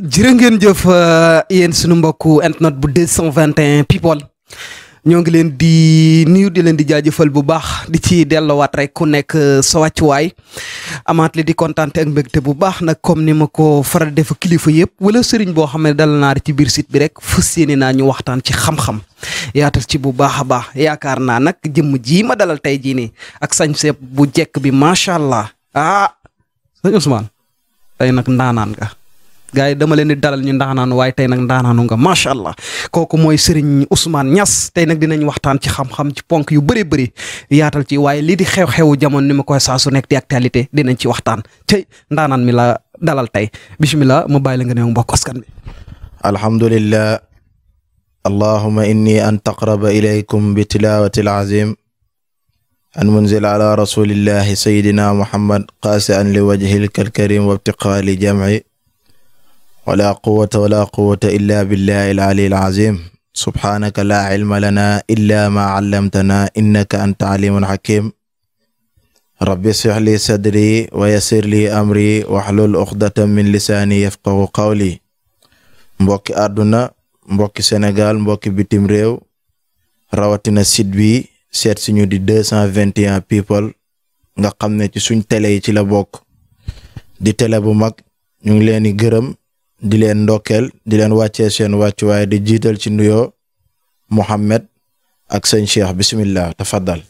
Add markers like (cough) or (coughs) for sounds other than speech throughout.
jërë ngeen jëf euh, yéen suñu mbokku internet bu 221 people ñoo ngi leen di nuyu di leen di jaajëfal bu baax di ci dellowaat rek ku nekk euh, sa wàccuwaay amaat li di kontaante ak mbégte bu baax nag comme ni ma ko faral defa kilifa yëpp wala sëriñ boo xam ne dal naa ci biir site bi rek fas séeni naa ñu waxtaan ci xam-xam yaatal ci bu baax a baax yaakaar naa nag jëmm jii ma dalal tey jii nii ak sañ seeb bu jekk bi macha allah ah sëñ Ousmane tey nag ndaanaan ga gars yi dama leen di dalal ñu ndaanaanu waaye tey nag ndaanaanu nga macha allah kooku mooy Serigne Ousmane ñas tey nag dinañ waxtaan ci xam-xam ci ponk yu bëri bëri yaatal ci waaye lii di xew-xewu jamono ni ma koy saa su nekk di actualité dinañ ci waxtaan tey ndaanaan mi la dalal tey bisimilah mu bàyyi la nga ne mbokk askan bi. alhamdulillah allahuma inni an taqraba ilaykum bi tilawati alazim an munzil ala rasulillahi sayidina muhammad qaasi an li wajhil kalkarim wala quwwata wala quwwata illa billahi al-ali al-azim subhanaka la ilma lana illa ma allamtana innaka anta alimun hakim rabbi ishrah li sadri wa yassir li amri wahlul uqdatan min lisaani yafqahu qawli mbokki àdduna mbokki Sénégal mbokki bitim réew rawatina site bi seet suñu di deux cent vingt et un people nga xam ne ci suñ télé yi ci la bokk di télé bu mag ñu ngi leen di gërëm di leen ndokkeel di leen wàccee seen wàccuwaay di jiital ci nuyoo Mouhamed ak sëñ Cheikh bisimilah tafaddal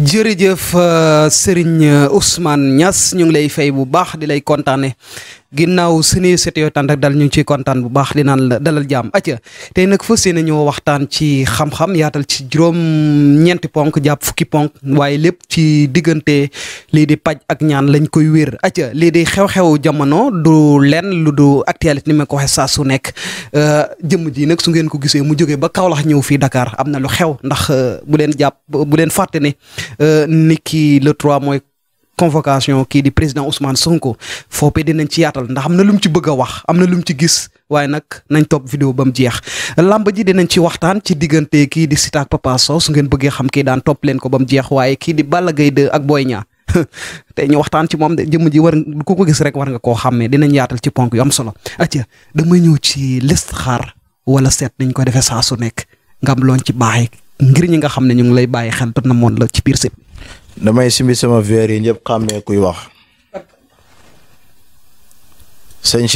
jërëjëf euh, Serigne Ousmane Niass ñu ngi lay fay bu baax di lay kontaane ginnaaw suñuy set yooyu tànd ak dal ñu ngi ciy kontaan bu baax di naan la dalal jàmm atia tey nag fas yéene ñoo waxtaan ci xam-xam yaatal ci juróom-ñeenti ponk jàpp fukki ponk waaye lépp ci diggante lii di paj ak ñaan lañ koy wér atia lii di xew-xew jamono du lenn lu du actualité ni ma ko waxee saa su nekk euh, jëm ji nag su ngeen ko gisee mu jógee ba Kaolack ñëw fii Dakar am na lu xew ndax euh, bu leen jàpp bu leen fàtte ne euh, niki le 3 mooy. convocation kii di président Ousmane Sonko foopee dinañ ci yaatal ndax am na lu mu ci bëgg a wax am na lu mu ci gis waaye nag nañ topp vidéo ba mu jeex làmb ji dinañ ci waxtaan ci diggante kii di Siteu ak Papa Sow su ngeen bëggee xam kii daan topp leen ko ba mu jeex waaye kii di Balla Gaye ak Boy Niang (laughs) tey ñu waxtaan ci moom de jëmm ji war ko gis rek war nga koo xam ne dinañ yaatal ci ponk yu am solo atia damay ñëw ci listixaar wala seet nañ ko defee saa su nekk nga am loon ci baaxee ngir ñi nga xam ne ñu ngi lay bàyyi xel na moon la ci biir sëb damay simbi sama verre yi ñëpp xàmmee kuy wax sëñ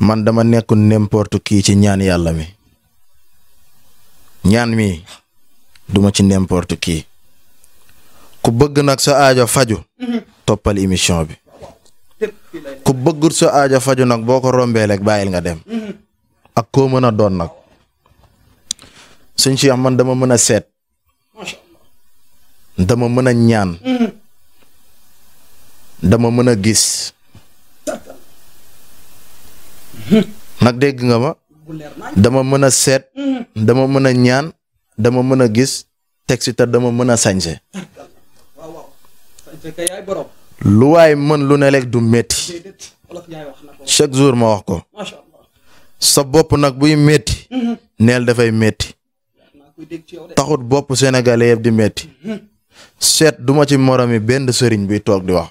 man dama nekk n'importe qui ci ñaan yàlla mi ñaan mi duma ci n'importe qui ku bëgg nag sa aajo faju toppal émission bi ku bëggul sa aajo faju nag boo ko rombee rek bàyyil nga dem ak koo mën a doon nag sëñ Cheikh man dama mën a seet dama mën a ñaan mm-hmm. dama mën a gis mm-hmm. nag dégg nga ma dama mën a seet mm-hmm. dama mën a ñaan dama mën a gis teg si te dama mën a sañse lu waay mën lu ne lekk du metti chaque jour ma wax ko sa bopp nag buy metti neel dafay metti taxut bopp sénégalais di metti seet duma ci moromi benn sëriñ bi toog di wax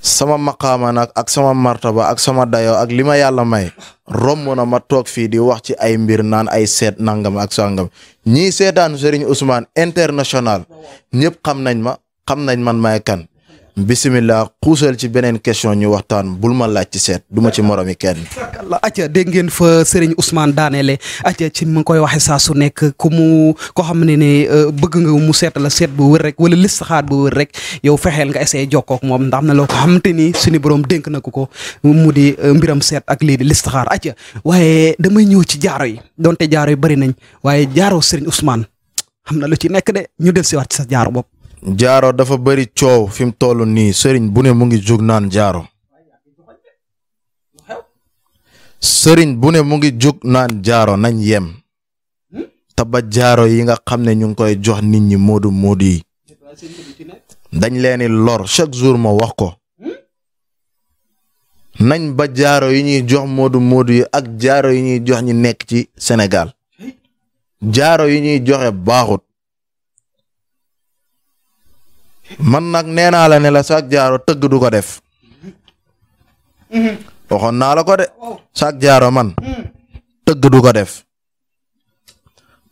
sama maqaama ak sama ba ak sama dayoo ak li ma yàlla may romb na ma toog fii di wax ci ay mbir naan ay seet nangam ak sangam ñii seetaan sëriñ Ousmane international ñëpp xam nañ ma xam nañ man maay kan bisimillah xuusal ci beneen question ñu waxtaan bul ma laaj ci seet du ma ci moromi kenn. allah acca dégg ngeen fa Serigne Ousmane daaneele acca ci mu koy waxee saa su nekk ku mu ko xam ni ne euh, bëgg nga mu seetala seet bu wër rek wala listixaar bu wër rek yow fexeel nga essayé jokkoo moom ndaxam na loo ko xamante ni suñu borom dénk na ko ko mu di euh, mbiram seet ak lii di listixaar acca waaye damay ñëw ci jaaro yi donte jaaro yi bari nañ waaye jaaro Serigne Ousmane xam na lu ci nekk de ñu del si waat ci sa jaaro bopp. jaaro dafa bari coow fi mu toll nii sëriñ bu ne mu ngi jóg naan jaaro sëriñ bu ne mu ngi jug naan jaaro nañ yem te ba jaaro yi nga xam ne ñu ngi koy jox nit ñi moodu moodu yi dañ leeni lor chaque jour ma wax ko nañ ba jaaro yi ñuy jox moodu moodu yi ak jaaro yi ñuy jox ñi nekk ci Sénégal jaaro yi ñuy joxe baaxut man nag nee naa la ne la saak jaaro tëgg du ko def waxoon naa la ko de saak jaaro man tëgg du ko def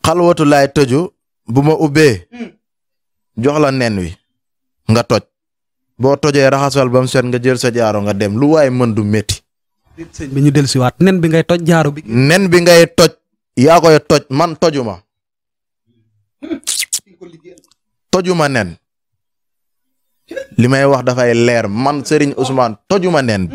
xalwatu laay tëju bu ma ubbee jox la nen wi nga toj boo tojee raxasal ba mu set nga jël sa jaaro nga dem lu waay mën du métti. sëñ bi ñu dellusiwaat nen bi ngay toj jaaro bi. nen bi ngay toj yaa toj man tojuma tojuma nen. li may wax dafay leer man Serigne Ousmane tojuma nen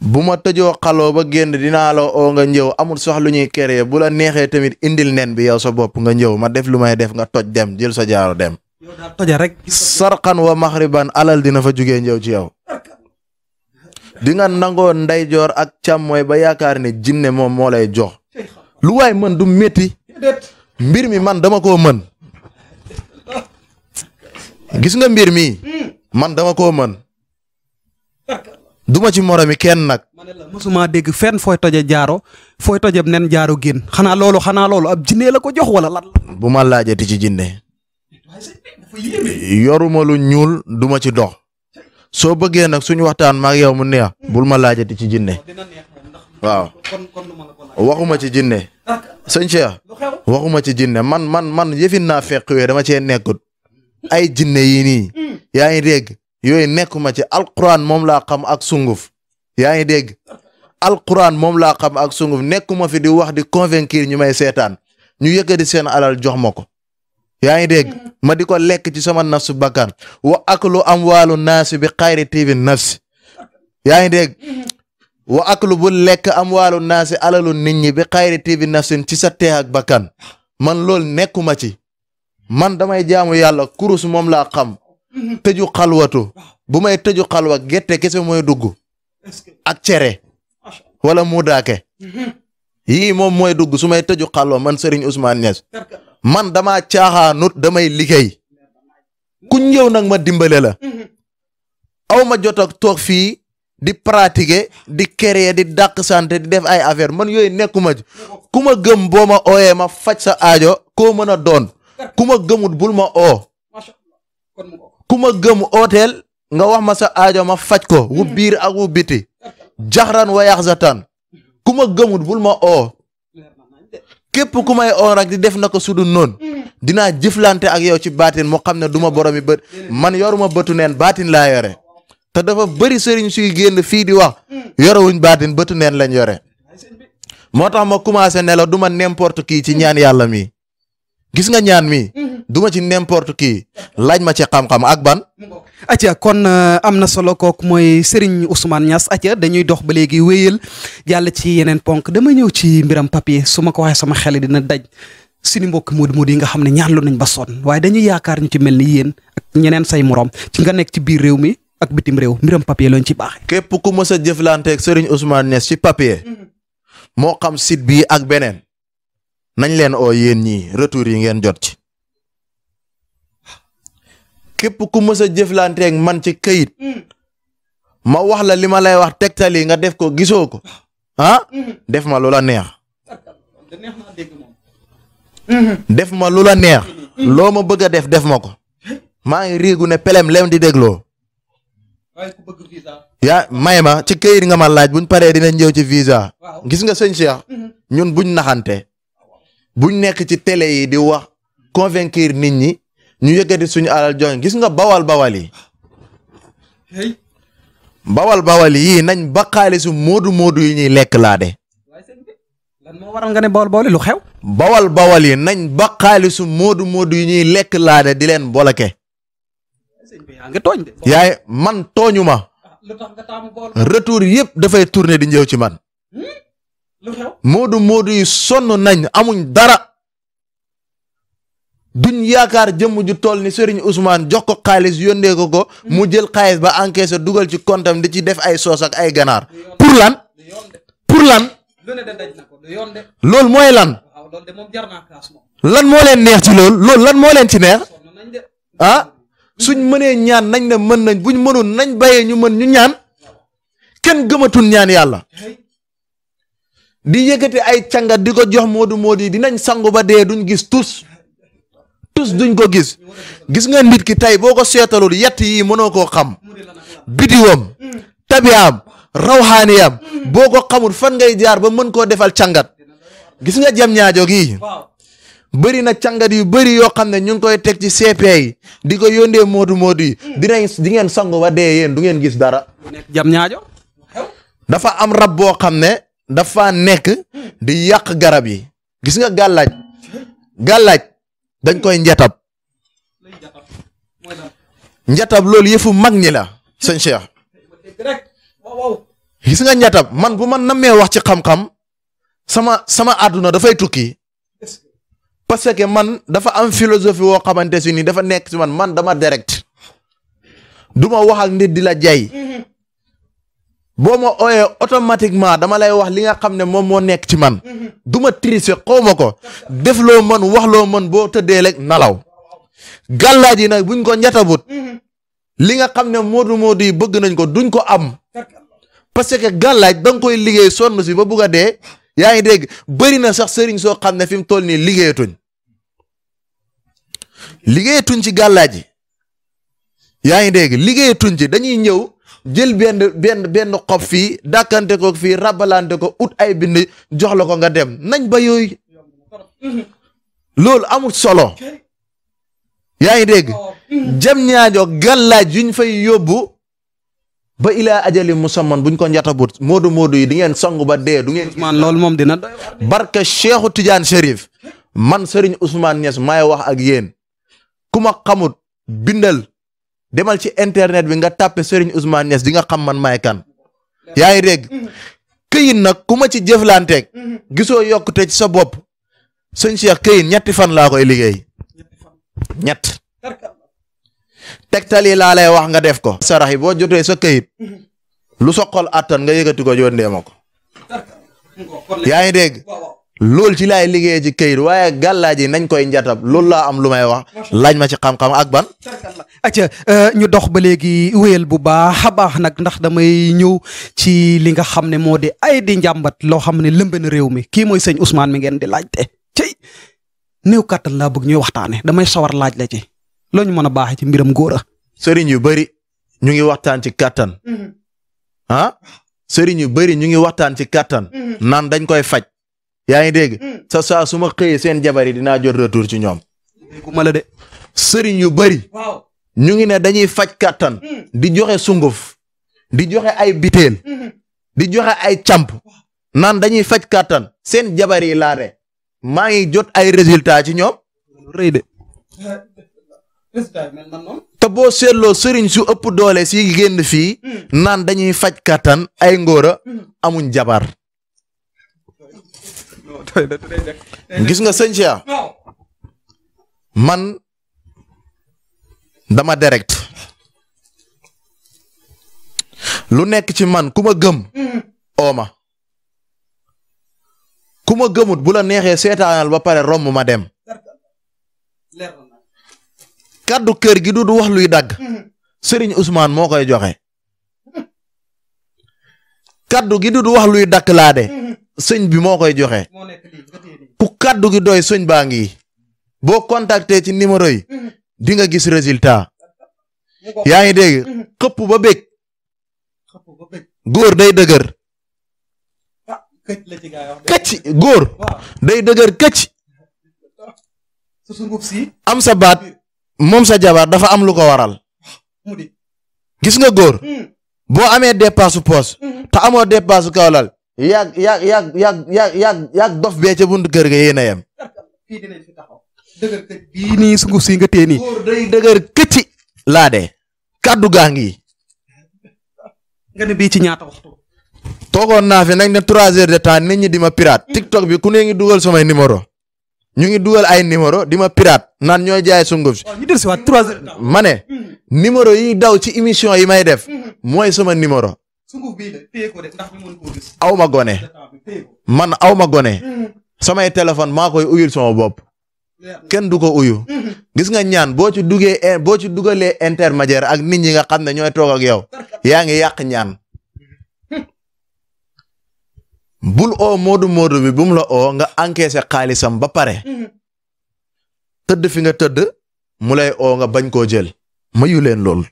bu ma tojoo xaloo ba génn dina la oo nga ñëw amul sax lu ñuy kéré bu la neexee tamit indil nen bi yow sa bopp nga ñëw ma def lu may def nga toj dem jël sa jaaro dem. toja sarxan wa maxriban alal dina fa jugee ñëw ci yow. di nga nangoo ndeyjoor ak càmmooy ba yaakaar ne jinne moom moo lay jox. lu waay mën du métti. mbir mi man dama koo mën. gis nga mbir mi hmm. man dama ko mën duma ci moromi kenn nag. ma dégg fenn fooy toje jaaro fooy toje nen jaaro génn xanaa loolu xanaa loolu ab jinne la ko jox wala lan. bu ma laajati ci jinne yoruma lu ñuul duma ci dox soo bëggee nag suñu waxtaan maag yow mu neex bul ma laajati ci jinne oh, waaw waxuma ci jinne ah, sëñ Cheikh waxuma ci jinne man man man yëfin naa fekk dama cee nekkut. ay jinne yi nii mm. yaa ngi dégg yooyu nekkuma ci alquran moom laa xam ak sunguf yaa ngi dégg alquran moom laa xam ak sunguf nekkuma fi di wax di convaincre ñu may seetaan ñu yëkkati seen alal jox ma ko yaa ngi dégg mm-hmm. ma di ko lekk ci sama nafsu bakkan wa aklu amwaalu naasi bi xayri tiibi nafsi yaa ngi dégg mm-hmm. wa aklu bu lekk am amwaalu naasi alalu nit ñi bi xayri tiibi nafsin ci sa teex ak bakkan man loolu nekkuma ci man damay jaamu yàlla kurus moom laa xam mhm. tëju xalwatu bu may tëju xalwa gerte kese mooy dugg ak cere wala muudaake mhm. yii moom mooy dugg su may tëju xalwa man Serigne Ousmane Niass man damaa caaxaanut damay liggéey ku ñëw nag ma dimbale la mhm. aw ma jot ak toog fii di pratiquer di créer di dàq santé di def ay affaire man yooyu nekku ji ku ma gëm boo ma ooyee ma faj sa aajo koo mën a doon ku ma gëmut bul ma oo ku ma gëm ooteel nga wax ma sa aajo ma faj ko wu mm-hmm. biir ak wu biti jaxran wa yaxzatan mm-hmm. ku ma gëmut bul ma oo képp ku may oo rek di def na ko sudu noonu mm-hmm. dinaa jëflante ak yow ci baatin mu xam ne duma ma boromi bët man yoruma bëtu neen baatin laa yore te dafa bëri sëriñ suy génn fii di wax mm. yorewuñ baatin bëtu neen lañ yore moo tax ma commencé nela la du ma n'importe kii ci ñaan yàlla gis nga ñaan mi mhm. du ci n'importe qui laaj ma ci xam-xam ak ban. a kon euh, am na solo kooku mooy Serigne Ousmane ñas atia dañuy dox ba léegi wéyal jàll ci yeneen ponk dama ñëw ci mbiram papier su ma ko waxee sama xel dina daj suñu mbokk moodu-moodu yi nga xam ne ñaanlu nañ ba sonn waaye dañuy yaakaar ñu ci mel ni yéen ak ñeneen say morom ci nga nekk ci biir réew mi ak bitim réew mbiram papier lañ ci baax képp ku mës a jëflanteeg sëriñ Ousmane Niass ci papier. Mhm. moo xam site bi ak beneen. nañ leen oo yéen ñii retour yi ngeen jot ci képp ku mës a jëflanteeg man ci kayit ma wax la li ma lay wax tegtal nga def ko gisoo ko ah def ma lu la neex def ma lu la neex loo ma bëgg a def def ma ko maa ngi riigu ne pelem lem di dégloo ya may ma ci këyit nga ma laaj buñ paree dina ñëw ci visa gis nga sëñ Cheikh mhm. ñun buñ naxante buñ nekk ci télé yi di wax convaincre nit ñi ñu yëkkati suñu alal joxe gis nga bawal bawal yi bawal bawal yii nañ ba xaalisu moodu moodu yi ñuy lekk laa de. moo waral ne lu xew. bawal bawal yi nañ ba xaalisu moodu moodu yi ñuy lekk di leen boloke. yaay man tooñu ma. Ah, retour yëpp dafay tourner di ñëw ci man. Hmm? moodu moodu yi sonn nañ amuñ dara duñ yaakaar jëmm ju tool ni Serigne Ousmane jox ko xaalis yónnee ko ko mu jël xaalis ba encaissé dugal ci kontam di ci def ay soos ak ay ganaar pour lan pour lan loolu mooy lan lan moo leen neex ci loolu loolu lan moo leen ci neex a ah? suñ mënee ñaan nañ ne mën nañ buñ mënoon nañ bayee ñu mën ñu ñaan kenn gëmatul ñaan yàlla di yëkkati ay càngat di ko jox moodu moodu yi dinañ sangu ba dee duñ gis tus tus duñ ko gis gis nga nit ki tey boo ko seetalul yett yi mënoo koo xam bidiwam tabiyaam rawxaaniyam boo ko xamul fan ngay jaar ba mën koo defal càngat gis nga jam ñaajo gi bëri na càngat yu bëri yoo xam ne ñu ngi koy teg ci CP yi di ko yóndee moodu moodu yi dinañ di ngeen sangu ba dee du ngeen gis dara. jam ñaajo dafa am rab boo xam ne. dafa nekk di yàq garab yi gis nga gàllaaj gàllaaj dañ koy njatab njatab loolu yëfu mag ñi la sëñ Cheikh gis nga njatab man bu ma nammee wax ci xam-xam sama sama àdduna dafay tukki parce que man dafa am philosophie woo xamante si nii dafa nekk si man man dama direct duma ma wax nit di la jay boo ma ooyee automatiquement dama lay wax li nga xam ne moom moo nekk ci man mhm. du ma tricher ko def loo mën wax loo mën boo tëddee rek nalaw gàllaaj yi nag buñ ko njatabut mhm. li nga xam ne moodu moodu yi bëgg nañ ko duñ ko am parce que gàllaaj da koy liggéey sonn si ba bugg a dee yaa ngi dégg bëri na sax sëriñ soo xam ne fi mu toll nii liggéeyatuñ liggéeyatuñ ci gàllaaj yi yaa ngi dégg liggéeyatuñ ci dañuy ñëw jël benn benn benn xob fii dàkkante ko fii rabalante ko ut ay bind jox la ko nga dem nañ ba yooyu loolu amul solo yaa ngi dégg jëm ñaajo gàllaaj yuñ fay yobbu ba ilaa ajali musamman buñ ko njatabut but moodu yi di ngeen song ba dee du ngeen loolu moom dina barka Cheikhu Tidiane Chérif man Serigne Ousmane Niass maay wax ak yéen ku ma xamut bindal demal ci internet bi nga tàppe Serigne Ousmane Niass di nga xam man maay kan. yaa ngi dégg këyit nag ku ma ci jëflanteeg. gisoo yokkute ci sa bopp. sëñ Cheikh këyit ñetti fan laa koy liggéey. ñett tegtal yi laa lay wax nga def ko. sarax yi boo jotee sa këyit. lu soqol attan nga yëkkati ko yónnee ma ko. yaa ngi dégg. loolu ci laay liggéeyee ci kayit waaye gàllaaj yi nañ koy njatab loolu laa am lu may wax laaj ma ci xam-xam ak ban acca euh, ñu dox ba léegi wéyal bu baax a baax nag ndax damay ñëw ci li nga xam ne moo di ay di njàmbat loo xam ne lëmbe na réew mi kii mooy sëñ Ousmane mi ngeen di laajte cey néew kàttan laa bëgg ñuy waxtaane damay sawar laaj la ci loo ñu mën a baaxee ci mbiram góor a sëriñ yu bëri ñu ngi waxtaan ci kàttan mm-hmm. ah sëriñ yu bëri ñu ngi waxtaan ci kàttan mm-hmm. naan koy faj yaa ngi dégg. sa hmm. saa su ma xëyee seen jabar yi dinaa jot retour ci ñoom. ku ma la de. sëriñ yu bari waaw ñu ngi ne dañuy faj kàttan. Hmm. di joxe sunguf. di joxe ay biteel. Hmm. di joxe ay camp. naan dañuy faj kattan seen jabar yi laa maa ngi jot ay résultats ci ñoom. rëy te boo seetloo sëriñ su ëpp doole si génn fii. naan dañuy faj kàttan ay ngóora amuñ jabar. gis nga sëñ Cheikh man dama direct lu nekk ci man kuma gëm mm-hmm. ooma ku ma gëmut bu la neexee seetaanal ba pare romb ma dem kàddu kër gi du du wax luy dagg mm-hmm. Serigne Ousmane moo koy joxe kàddu gi du du wax luy dagg laa sëñ bi moo koy joxe ku kàddu gi doy sëñ baa ngi boo contacté ci numéro yi mm-hmm. di nga gis résultat yaa ngi dégg mm-hmm. këpp ba bég góor day dëgër ah, këcc góor day dëgër këcc am sa baat moom sa jabar dafa am lu ko waral gis nga góor mm. boo amee dépasse poos mm-hmm. te amoo dépasse kawlal yàgg yàgg yàgg yàgg yàgg yàgg dof bee ca buntu kër ga yéen a yem. fii dinañ sunguf si nga tee nii. góor day dëgër kàddu gaa ngi. nga bii ci ñaata waxtu. toogoon naa fi nag ne trois heures de temps na ñi dima ma pirate. TikTok bi ku ne ngi dugal somay numéro ñu ngi dugal ay numéro di ma pirate naan ñooy jaay sunguf si. ñu dellusiwaat trois heures. ma ne hmm. numéro yi daw ci émission yi may def hmm. mooy sama numéro. sunguf ma gone. man aw ma gone. Hmm. samay téléphone maa koy uyul sama bopp. kenn du ko uyu. Hmm. gis nga ñaan boo ci duggee boo ci dugalee intermédiaire ak nit ñi nga xam ne ñooy toog ak yow. yaa ngi yàq ñaan. bul oo moodu moodu bi bu la oo nga encaissé xaalisam ba pare. Hmm. tëdd fi nga tëdd mu oo nga bañ koo jël. mayu leen lool.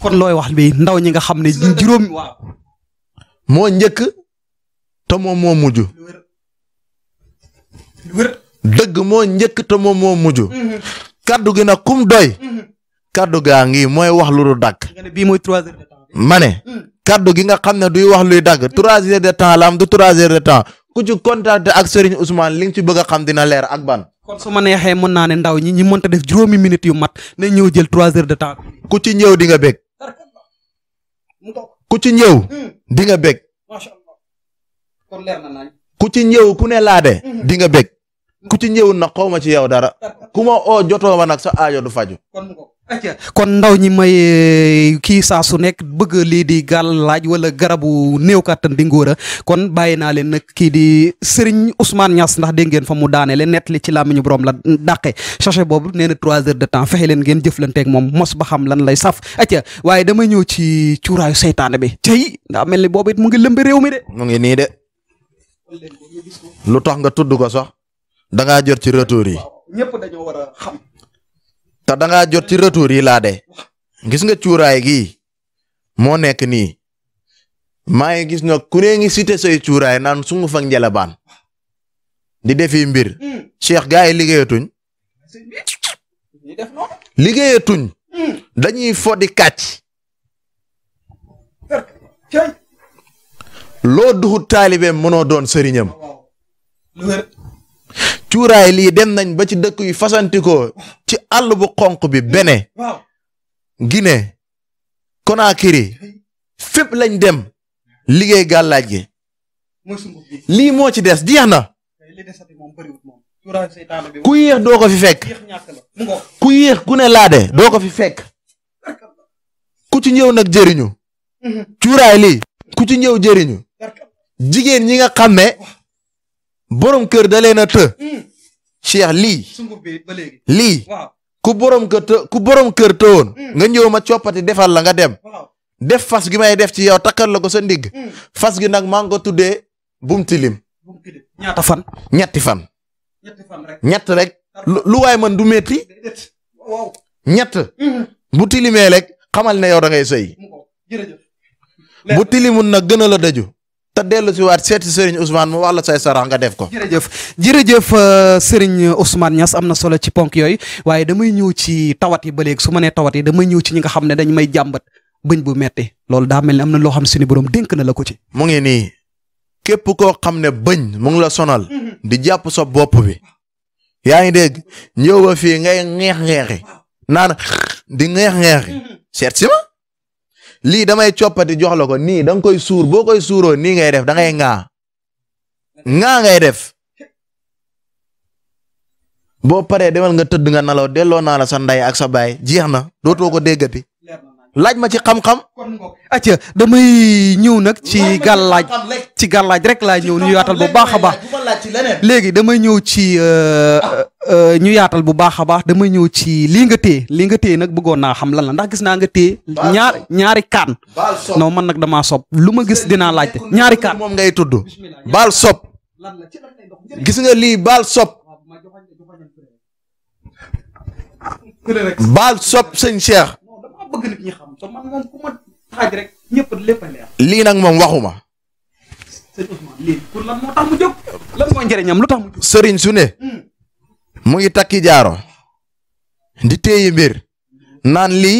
kon looy wax bi ndaw ñi nga xam ne juróomi waaw. moo njëkk te moom moo mujj. dëgg moo njëkk te moom moo mujj. kaddu gi nag kum doy. kaddu gaa ngi mooy wax lu du dagg. bii mooy trois heures kaddu gi nga xam ne duy wax luy dagg trois heures de temps la am du trois heures de temps ku ci contacté ak Serigne Ousmane li nga ci bëgg a xam dina leer ak ban. kon su ma neexee mën naa ne ndaw ñi ñi mënta def juróomi minutes yu mat na ñëw jël trois heures de temps. ku ci ñëw di nga bég. ku ci ñëw hmm. di bég ku ci ñëw ku ne laade hmm. di nga bég ku ci ñëw nag xaw ma ci yow dara ku ma oo jotoo ma nag sa aajo du faju acca kon ndaw ñi may eh, kii saa su nekk bëgg lii di gal laaj wala garabu néew kàttan di ngóora kon bàyyi naa leen nag kii di Serigne Ousmane Niass ndax dégg ngeen fa mu daane leen nettali ci ñu borom la dàqe sachet boobu nee na trois heures de temps fexe leen ngeen jëflanteeg moom mos ba xam lan lay saf acca waaye dama ñëw ci cuuraayu seytaane bi tey ndax mel ni boobu mu ngi lëmbi réew mi de. mu ngi nii de lu tax nga tudd ko sax da ngaa ci retour yi. te da ngaa jot ci retour yi laa de gis nga cuuraay gi moo nekk nii maa ngi gis nga ku nee ngi cité say cuuraay naan sungu fak njalabaan di defi mbir hmm. Cheikh gaa yi liggéeyatuñ liggéeyatuñ dañuy foddi kàcc loo duxut taalibeem mënoo doon sëriñam cuuraay lii dem nañ ba ci dëkk yu fasantikoo ci àll bu xonq bi bene gine Conakry fépp lañ dem liggéey gàllaaj gi lii moo ci des jeex na ku yéex doo ko fi fekk ku yéex ku ne laade doo ko fi fekk ku ci ñëw nag jëriñu mhm. cuuraay lii ku ci ñëw jëriñu jigéen ñi nga xam borom kër da leen a të. Hmm. Cheikh lii. lii ku borom kër të ku borom kër tëwoon. Hmm. nga ñëw ma coppati defal la nga dem. def fas gi may def ci yow takkal la ko sa ndigg. Hmm. fas gi nag maa ngi ko tuddee bum tilim. ñaata fan. ñetti fan. ñetti ñett rek lu waay man du métti. ñett. bu tilimee rek xamal na yow dangay ngay sëy bu tilimun nag gën a la daju. te dellu si waat seeti Serigne Ousmane mu wax la say sarax nga def ko. jërëjëf jërëjëf euh, Serigne Ousmane Niass am na solo ci ponk yooyu waaye damay ñëw ci tawat yi ba léeg su ma nee tawat yi damay ñëw ci ñi nga xam ne dañ may jàmbat bëñ bu metti loolu daa mel ni am na loo xam suñu borom dénk na la ko ci. mu ngi nii képp koo xam ne bëñ mu ngi la sonal. di jàpp sob bopp bi. yaa ngi dégg ñëw ba fii ngay ngeex ngeexi naan di ngeex ngeexi seet si ma lii damay coppati jox la ko nii da koy suur boo koy suuroo nii ngay def dangay ngay ngaa ngay def boo paree demal nga tëdd nga nalaw delloo naa la sa ndey ak sa baay jeex na dootoo ko déggati laaj ma ci xam-xam acca damay ñëw nag ci gàllaaj ci gàllaaj rek laa ñëw ñu yaatal bu baax a baax léegi damay ñëw ci euh, ah. euh, euh, ñu yaatal bu baax a baax damay ñëw ci lii nga téye lii nga téye nag bëggoon naa xam lan la ndax gis naa nga téye ñaar ñaari kaan non man nag damaa sob lu ma gis dinaa laajte ñaari kaan moom ngay tudd baal sob gis nga lii baal sob baal sob sëñ Cheikh bëgg nag moom ma xaaj rek lii nag moom waxuma. sëñ Ousmane lii lu tax sëriñ su ne. Hmm. mu ngi takki jaaro. ndi téye mbir. naan li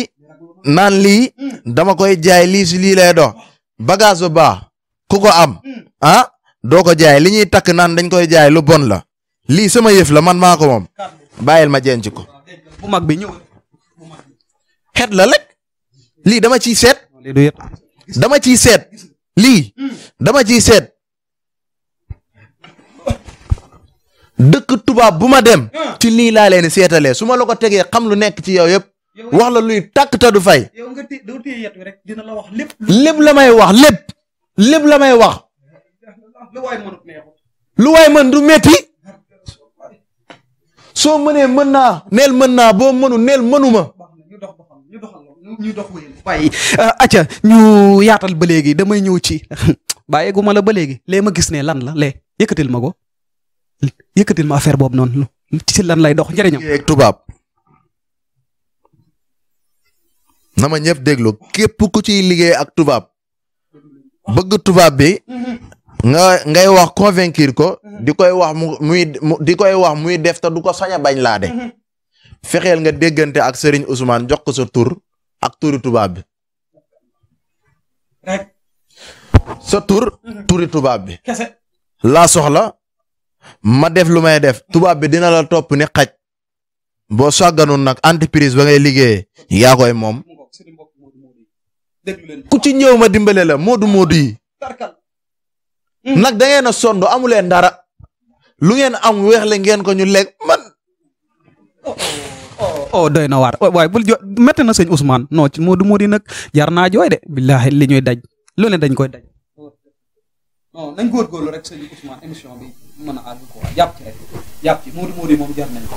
naan lii. Hmm. dama koy jaay lii si lii lay dox. bagage bu baax. ku ko am. Hmm. a ah, doo ko jaay li ñuy takk naan dañ koy jaay lu bon la. lii sama yëf la man maa ko moom. bàyyil ma jenc ko. la lekk. lii dama ciy seet. dama ciy seet. lii dama ciy seet. dëkk tubaab bu ma dem. ci lii laa leen seetalee su ma la ko tegee xam lu nekk ci yow yëpp. wax la luy tàkk ta du fay. lépp la may wax lépp. lépp la may wax. lu waay mën du metti soo mënee mën naa neel mën naa boo mënu neel mënuma ñuy dox acca euh, ñu yaatal ba léegi damay ñëw ci (coughs) bàyyeegu ma la ba léegi lee ma gis ne lan la le yëkkatil ma ko yëkkatil ma affaire boobu noonu ci lan lay dox njëriñam. tubaab na ñëf ñëpp déglu képp ku ci liggéey ak tubaab bëgg tubaab bi. nga ngay wax convaincre ko di koy wax mu muy di koy wax muy def te du ko sañ bañ laa de mm-hmm. fexeel nga déggante ak Serigne Ousmane jox ko sa tur ak turi tubaab bi. sa tur. turi tubaab bi. kese soxla ma def lu may def tubaab bi dina la topp ni xaj boo sàgganoon nag entreprise ba ngay liggéeye yaa koy moom. ku ci ñëw ma dimbale la moodu moodu yi hmm. nag da ngeen a sonn amu leen dara lu ngeen am weex ngeen ko ñu lekk man. Oh. oh doy na waar oh, waaye bul jo métti na sëñ Ousmane non ci Modou Modi nag jar naa jooy de billaahi li ñuy daj lu ne dañ koy daj. non nañ góorgóorlu rek sëñ émission bi mën a àgg ko jàpp ci rek jàpp moom jar nañ ko.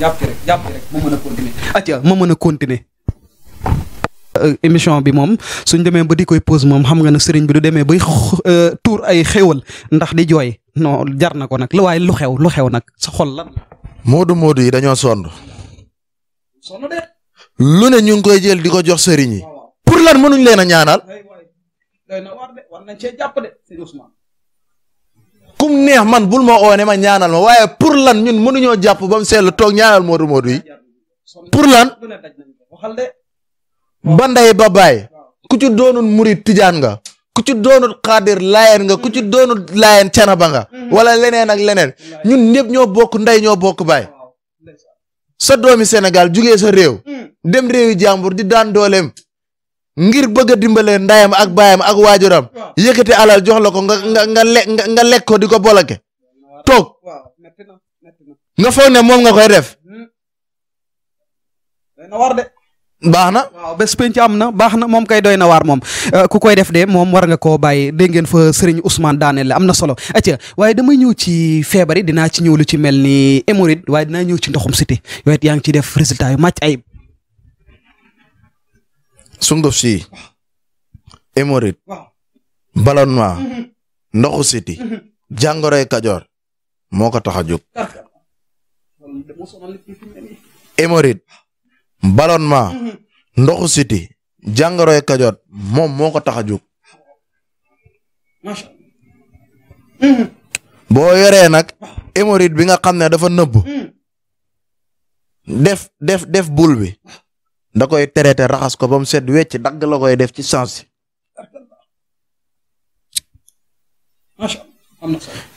jàpp ci rek jàpp mën a continuer. acca euh, bi moom suñ demee ba di koy pause moom xam nga ne seriñ bi du demee bay euh, tour ay xéwal ndax di jooy. non jar na ko nag waaye lu xew lu xew nag sa xol lan. Moodu Moodu yi dañoo sonn. sonn lu ne ñu ngi koy jël di ko jox sëriñ yi. pour lan mënuñ leen a ñaanal. war nañ cee jàpp de kum neex man bul ma oone ma ñaanal ma waaye pour lan ñun mënuñoo jàpp ba mu seetlu toog ñaanal Moodu Moodu yi. pour lan. ba ndey ba baay ku ci nga. ku ci doonul xaadir laayeen nga ku ci doonul laayeen canaba nga wala leneen ak leneen ñun ñëpp ñoo bokk ndey ñoo bokk baay sa doomi senegal jugee sa réew dem réewi jàmbur di daan dooleem ngir bëgg a dimbalee ndayam ak baayam ak waajuram yëkkati alal jox la ko nga nga nga di ko bolake toog nga foog ne moom nga koy def. baax na waaw bés am na baax na moom kay doy na waar moom euh, ku koy def de moom war nga koo bàyyi dégg ngeen fa Serigne Ousmane daaneel la am na solo acca waaye damay ñëw ci feebar dinaa ci ñëw lu ci mel ni hémorroïde waaye dinaa ñëw ci ndoxum siti yooyu it yaa ngi ci def résultat yu màcc ayib. sunguf si hémorroïde ballonnement mm-hmm. ndoxu cité mm-hmm. jàngoroy kajoor moo ko tax a jóg hémorroïde ballonnement mhm. ndoxusiti siti kajot moom moo ko tax a jóg mhm. boo yoree nag hémorroïde bi nga xam ne dafa nëbb mhm. def def def bul bi da koy traité raxas ko ba mu set wecc dagg la koy def ci sens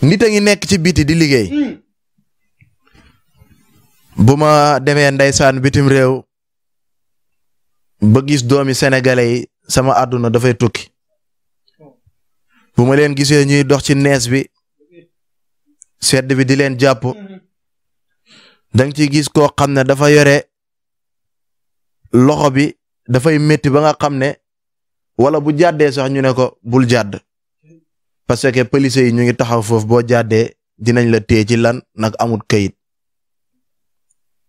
nit a ngi nekk ci biti di liggéey bu ma demee ndeysaan bitim réew ba gis doomi sénégalais yi sama àdduna dafay tukki bu ma leen gisee ñuy dox ci nees bi sedd bi di leen jàpp danga ci gis koo xam ne dafa yore loxo bi dafay métti ba nga xam ne wala bu jàddee sax ñu ne ko bul jàdd parce que police yi ñu ngi taxaw foofu boo jàddee dinañ la téye ci lan nag amut kayit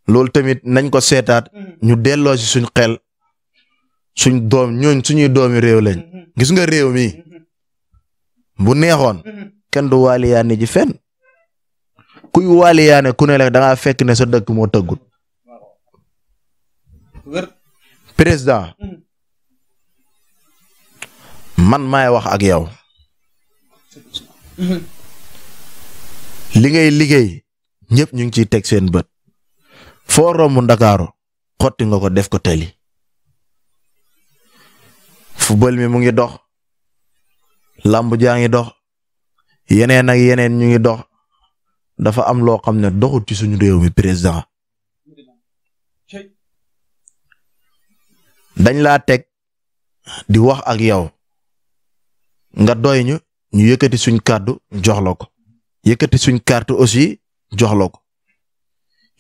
loolu tamit nañ ko seetaat ñu delloo ci suñ xel suñ doom ñooñ suñuy doomi réew lañ mm-hmm. gis nga réew mi mm-hmm. bu neexoon mm-hmm. kenn du waaliyaane ji fenn kuy waaliyaane ku ne la da ngaa fekk ne sa dëkk moo tëggut président man may wax ak yow li ngay liggéey ñëpp ñu ngi ciy teg seen bët foo romb ndakaaru xotti nga ko def ko tëli football mi mu ngi dox làmb jaa ngi dox yeneen ak yeneen ñu ngi dox dafa am loo xam ne doxut ci suñu réew mi président dañ laa teg di wax ak yow nga doy ñu ñu yëkkati suñ kàddu jox la ko yëkkati suñ kart aussi jox la ko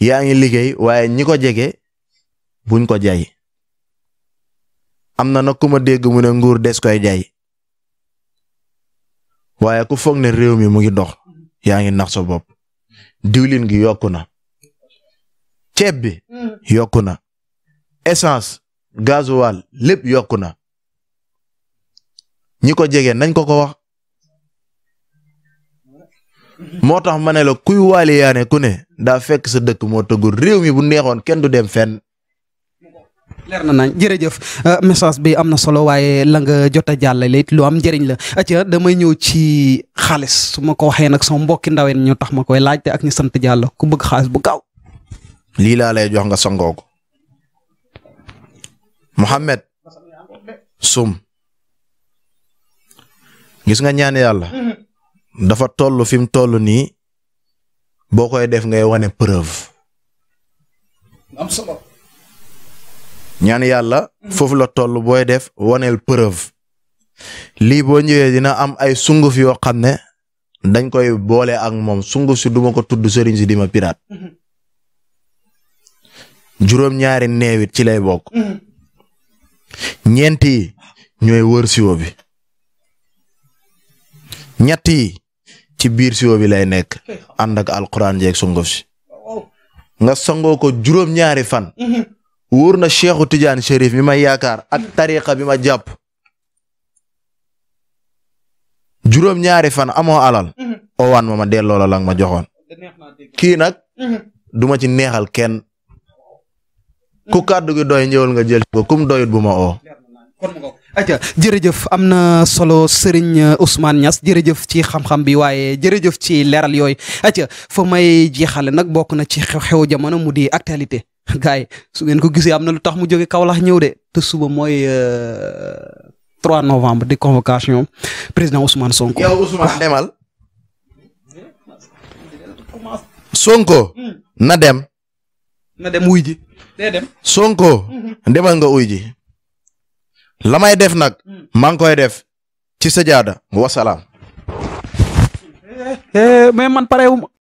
yaa ngi liggéey waaye ñi ko jege buñ ko jay am na nag ku ma dégg mu ne nguur des koy jaay waaye ku foog ne réew mi mu ngi dox yaa ngi nax sa bopp diwlin gi yokku na ceeb bi mm. yokku na essence gasoil lépp yokku na ñi ko jege nañ ko ko wax moo tax ma ne la kuy waali yaane ku ne daa fekk sa dëkk moo tëggul réew mi bu neexoon kenn du dem fenn leer na nañ jërëjëf euh, message bi am na solo waaye la nga jot a jàllale it lu am njëriñ la atia damay ñëw ci xaalis su ma ko waxee nag sama mbokki ndaween ñu tax ma koy laajte ak ñu sant Diallo ku bëgg xaalis bu gaaw. lii laa lay jox nga sangoo ko sum Soum gis nga ñaan yàlla. dafa toll fi mu toll nii boo koy def ngay wane preuve. ñaan yàlla foofu la toll booy def waneel preuve lii boo ñëwee dina am ay sunguf yoo xam ne dañ koy boole ak moom sunguf si duma ko tudd sëriñ si dima piraat juróom-ñaari neewit ci lay bokk ñeenti yi ñooy wër siwo bi ñett ci biir siwo bi lay nekk ànd ak alxuraan jeeg sunguf si nga sangoo ko juróom-ñaari fan mhm. wóor na Cheikhu Tidiane Chérif mi may yaakaar ak tariqa bi ma jàpp juróom-ñaari fan amoo alal mhm. o ma ma delloo lang ma joxoon kii nag mhm. duma ci neexal kenn ku kàddu gi doy ñëwal nga jël ko kum doyut bu ma oo aca jërëjëf am na solo sëriñ Ousmane Niass jërëjëf ci xam-xam bi waaye jërëjëf ci leeral yooyu aca fa may jeexale nag bokk na ci xew-xew mu di actualité (laughs) gaay su ngeen ko gisee am na lu tax mu jóge Kaolack ñëw de te suba mooy 3 euh, novembre di convocation président Ousmane Sonko. yow Ousmane ah. demal. Sonko. Hmm. na dem. na dem wuy ji. Sonko. Hmm. demal nga uy ji. la may def nag. Hmm. maa ngi koy def. ci sa jaada. wasalaam. Eh, eh, man pare